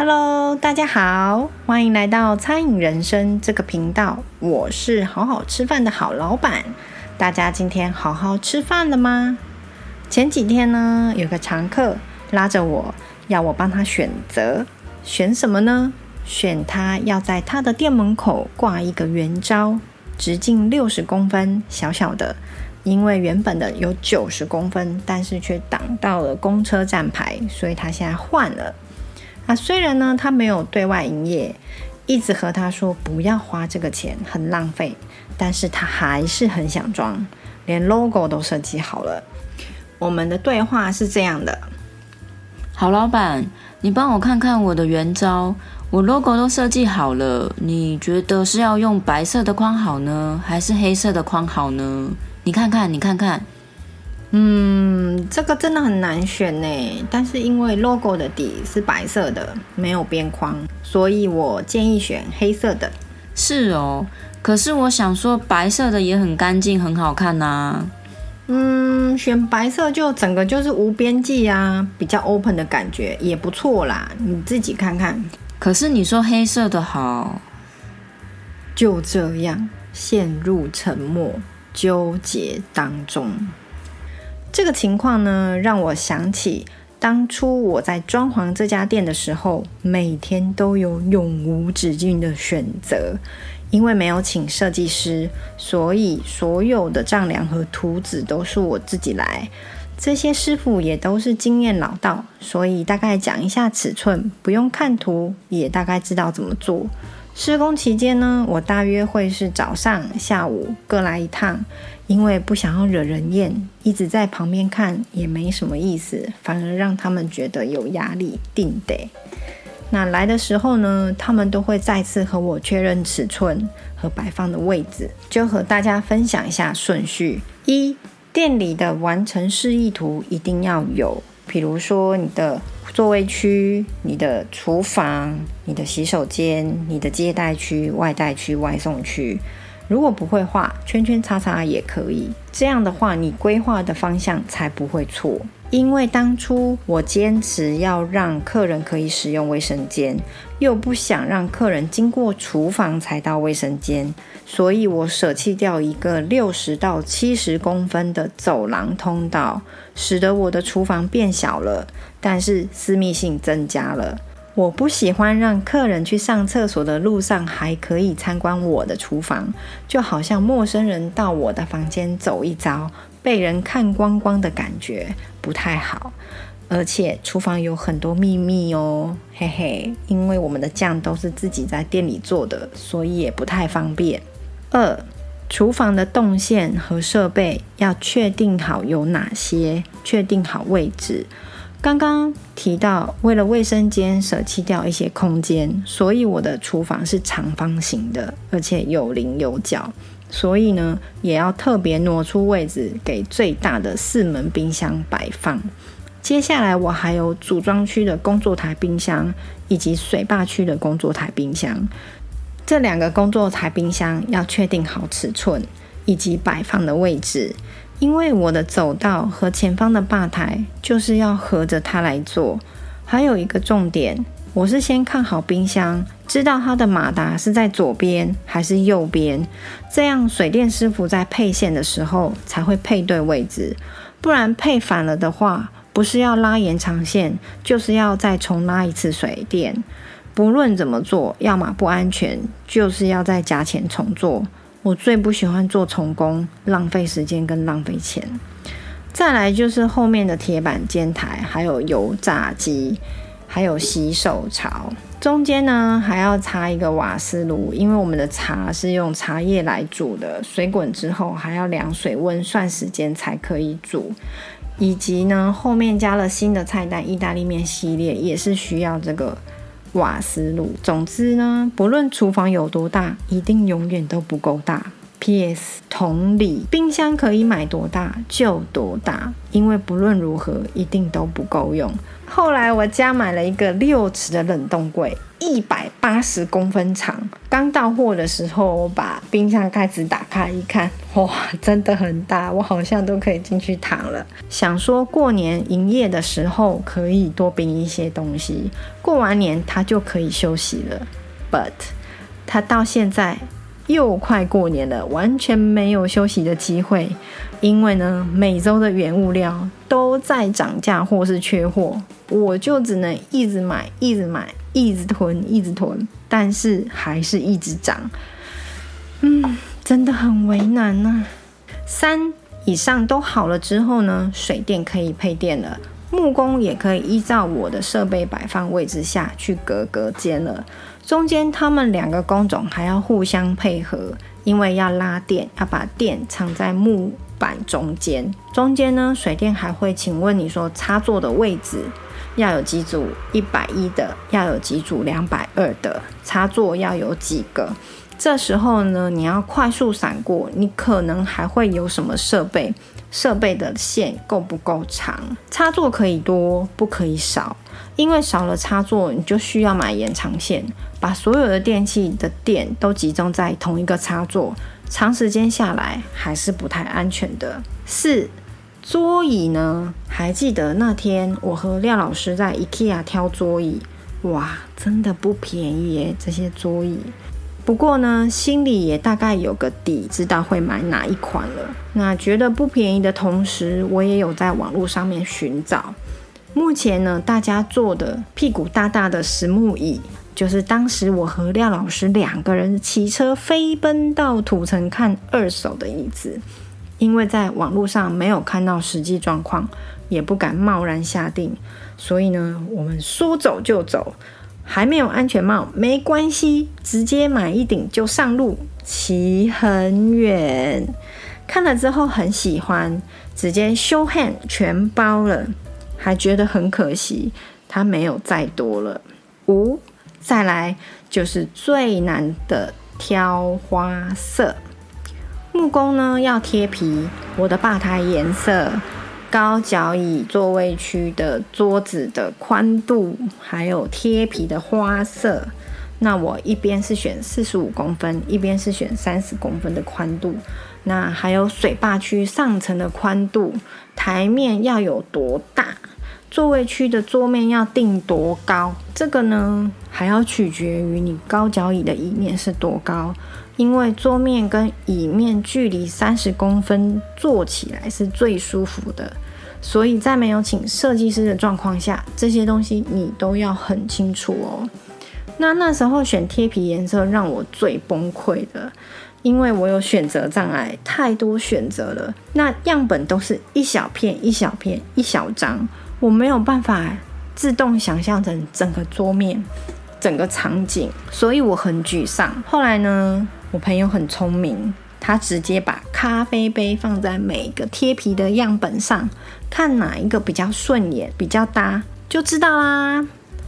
Hello，大家好，歡迎來到餐飲人生這個頻道。我是好好吃飯的好老闆。大家今天好好吃飯了嗎？前幾天呢，有個常客拉着我，要我幫他選擇。選什麼呢？選他要在他的店門口掛一個圓招，直徑六十公分，小小的，因為原本的有九十公分，但是卻擋到了公車站牌，所以他現在換了。啊，雖然呢，他沒有對外營業，一直和他說不要花這個錢，很浪費，但是他還是很想裝，連 logo 都設計好了。我們的對話是這樣的：好老板，你幫我看看我的原招，我 logo 都設計好了，你覺得是要用白色的框好呢，還是黑色的框好呢？你看看，你看看。嗯，這個真的很難選呢？但是因為 logo 的底是白色的，沒有邊框，所以我建議選黑色的。是哦，可是我想說白色的也很乾淨，很好看吶啊。嗯，選白色就整個就是無邊際啊，比較 open 的感覺也不錯啦。你自己看看。可是你說黑色的好，就這樣陷入沉默糾結當中。這個情況呢，讓我想起當初我在裝潢這家店的時候，每天都有永無止境的選擇，因為沒有請設計師，所以所有的丈量和圖紙都是我自己來。這些師傅也都是經驗老道，所以大概講一下尺寸，不用看圖也大概知道怎麼做。施工期間呢，我大約會是早上、下午各來一趟。因為不想要惹人厭，一直在旁邊看也沒什麼意思，反而讓他們覺得有壓力定。定得那來的時候呢，他們都會再次和我確認尺寸和擺放的位置。就和大家分享一下順序：一店裡的完成示意圖一定要有，比如說你的座位區、你的廚房、你的洗手間、你的接待區、外帶區、外送區。如果不會畫圈圈叉叉也可以，這樣的話你規劃的方向才不會錯。因為當初我堅持要讓客人可以使用衛生間，又不想讓客人經過廚房才到衛生間，所以我捨棄掉一個六十到七十公分的走廊通道，使得我的廚房變小了，但是私密性增加了。我不喜歡讓客人去上廁所的路上還可以參觀我的廚房，就好像陌生人到我的房間走一遭，被人看光光的感覺不太好。而且廚房有很多秘密哦，嘿嘿，因為我們的醬都是自己在店裡做的，所以也不太方便。二，廚房的動線和設備要確定好有哪些，確定好位置。剛剛提到，為了衛生間捨棄掉一些空間，所以我的廚房是長方形的，而且有稜有角，所以呢，也要特別挪出位置給最大的四門冰箱擺放。接下來，我還有組裝區的工作台冰箱以及水吧區的工作台冰箱，這兩個工作台冰箱要確定好尺寸以及擺放的位置。因為我的走道和前方的吧台就是要合着它來做，還有一個重點，我是先看好冰箱，知道它的馬達是在左邊還是右邊，這樣水電師傅在配線的時候才會配對位置，不然配反了的話，不是要拉延長線，就是要再重拉一次水電，不論怎麼做，要麼不安全，就是要再加錢重做。我最不喜歡做重工，浪費時間跟浪費錢。再來就是後面的鐵板煎台，還有油炸機，還有洗手槽。中間呢還要插一個瓦斯爐，因為我們的茶是用茶葉來煮的，水滾之後還要量水溫算時間才可以煮。以及呢後面加了新的菜單，意大利麵系列也是需要這個瓦斯爐。總之呢，不論廚房有多大，一定永遠都不夠大。Yes，同理，冰箱可以買多大就多大，因為不論如何，一定都不夠用。後來我家買了一個六尺的冷凍櫃，一百八十公分長。剛到貨的時候，我把冰箱蓋子打開一看，哇，真的很大，我好像都可以進去躺了。想說過年營業的時候可以多冰一些東西，過完年它就可以休息了。But，它到現在。又快過年了，完全沒有休息的機會，因為呢，每周的原物料都在漲價或是缺貨，我就只能一直買，一直買，一直囤，一直囤，但是還是一直漲，嗯，真的很為難吶、啊。三以上都好了之後呢，水電可以配電了，木工也可以依照我的設備擺放位置下去隔隔間了。中間他們兩個工種還要互相配合，因為要拉電，要把電藏在木板中間。中間呢，水電還會請問你說插座的位置要有幾組一百一的，要有幾組兩百二的插座，要有幾個？這時候呢，你要快速閃過，你可能還會有什麼設備？設備的線夠不夠長？插座可以多，不可以少。因為少了插座，你就需要買延長線，把所有的電器的電都集中在同一個插座，長時間下來還是不太安全的。四、桌椅呢？還記得那天我和廖老師在 IKEA 挑桌椅，哇，真的不便宜耶！這些桌椅。不過呢，心裡也大概有個底，知道會買哪一款了。那覺得不便宜的同時，我也有在網絡上面尋找。目前呢，大家坐的屁股大大的實木椅，就是當時我和廖老師兩個人騎車飛奔到土城看二手的椅子，因為在網絡上沒有看到實際狀況，也不敢貿然下定，所以呢，我們說走就走，還沒有安全帽，沒關係，直接買一頂就上路，騎很遠。看了之後很喜歡，直接 show hand 全包了。還覺得很可惜，它沒有再多了。五、哦，再來就是最難的挑花色。木工呢，要貼皮，我的吧台顏色、高腳椅座位區的桌子的寬度，還有貼皮的花色。那我一邊是選四十五公分，一邊是選三十公分的寬度。那還有水吧區上層的寬度，台面要有多大？座位區的桌面要定多高？這個呢，還要取決於你高腳椅的椅面是多高，因為桌面跟椅面距離三十公分坐起來是最舒服的。所以在沒有請設計師的狀況下，這些東西你都要很清楚哦。那那時候選貼皮顏色讓我最崩潰的，因為我有選擇障礙，太多選擇了，那樣本都是一小片、一小片、一小張。我沒有辦法自動想象成整個桌面、整個場景，所以我很沮喪。後來呢，我朋友很聰明，他直接把咖啡杯放在每一個貼皮的樣本上，看哪一個比較順眼、比較搭，就知道啦。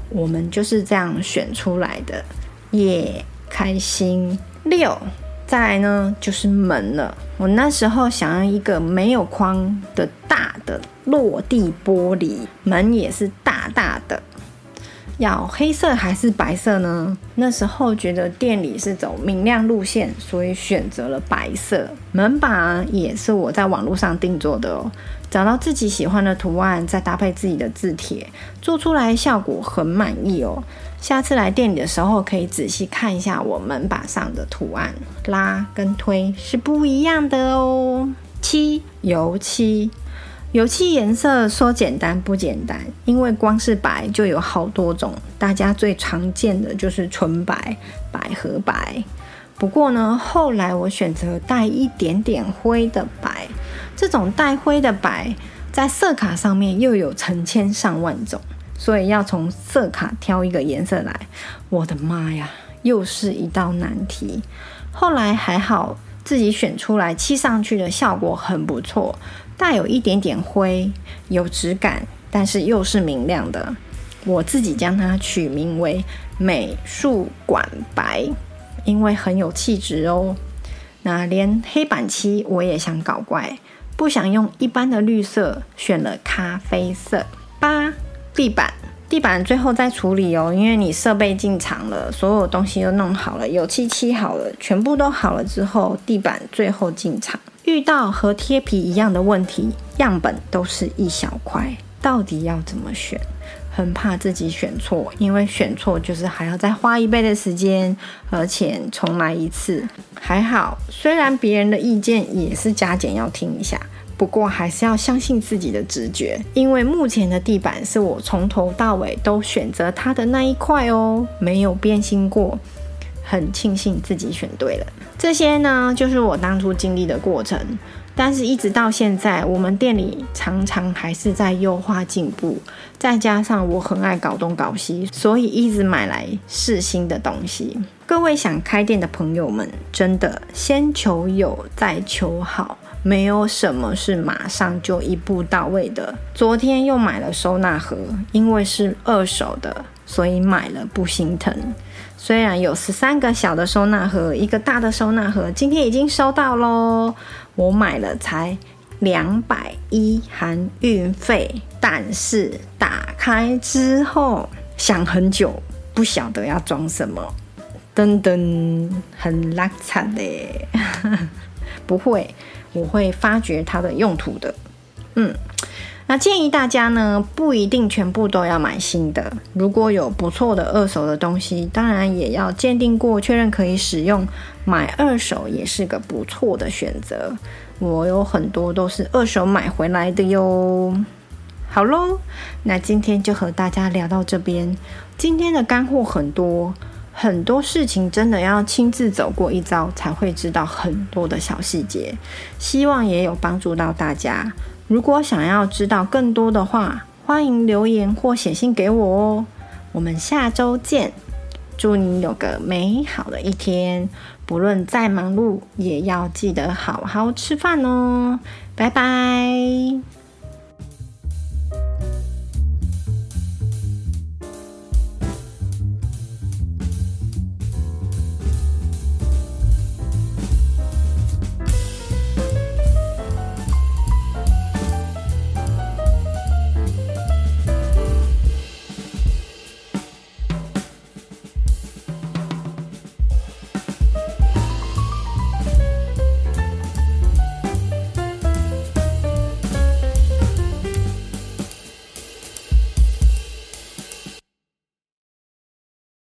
我們就是這樣選出來的，耶，yeah，開心六。再來呢，就是門了。我那時候想要一個沒有框的大的落地玻璃門，也是大大的。要黑色還是白色呢？那時候覺得店裡是走明亮路線，所以選擇了白色。門板也是我在網絡上定做的哦，找到自己喜歡的圖案，再搭配自己的字帖，做出來效果很滿意哦。下次來店裡的時候，可以仔細看一下我門把上的圖案，拉跟推是不一樣的哦。七，油漆，油漆顏色說簡單不簡單，因為光是白就有好多種，大家最常見的就是純白、百合白。不過呢，後來我選擇帶一點點灰的白，這種帶灰的白在色卡上面又有成千上萬種。所以要從色卡挑一個顏色來，我的媽呀，又是一道難題。後來還好自己選出來，漆上去的效果很不錯，帶有一點點灰，有質感，但是又是明亮的。我自己將它取名為“美術館白”，因為很有氣質哦。那連黑板漆我也想搞怪，不想用一般的綠色，選了咖啡色吧地板，地板最後再處理哦，因為你設備進場了，所有東西都弄好了，油漆漆好了，全部都好了之後，地板最後進場。遇到和貼皮一樣的問題，樣本都是一小塊，到底要怎麼選？很怕自己選錯，因為選錯就是還要再花一倍的時間，而且重來一次。還好，雖然別人的意見也是加減要聽一下。不過還是要相信自己的直覺，因為目前的地板是我從頭到尾都選擇它的那一塊哦，沒有變心過，很慶幸自己選對了。這些呢，就是我當初經歷的過程，但是一直到現在，我們店裡常常還是在優化進步，再加上我很愛搞東搞西，所以一直買來試新的東西。各位想開店的朋友們，真的，先求有，再求好。沒有什麼是馬上就一步到位的。昨天又買了收納盒，因為是二手的，所以買了不心疼。雖然有十三個小的收納盒，一個大的收納盒，今天已經收到咯。我買了才兩百一，含運費，但是打開之後想很久，不曉得要裝什麼，噔噔，很邋遢嘞。 不會，我會發掘它的用途的。嗯，那建議大家呢，不一定全部都要買新的。如果有不錯的二手的東西，當然也要鑑定過，確認可以使用，買二手也是個不錯的選擇。我有很多都是二手買回來的喲。好嘍，那今天就和大家聊到這邊。今天的乾貨很多。很多事情真的要親自走過一遭才會知道很多的小細節，希望也有幫助到大家。如果想要知道更多的話，歡迎留言或寫信給我哦。我們下周見，祝你有個美好的一天。不論再忙碌，也要記得好好吃飯哦。拜拜。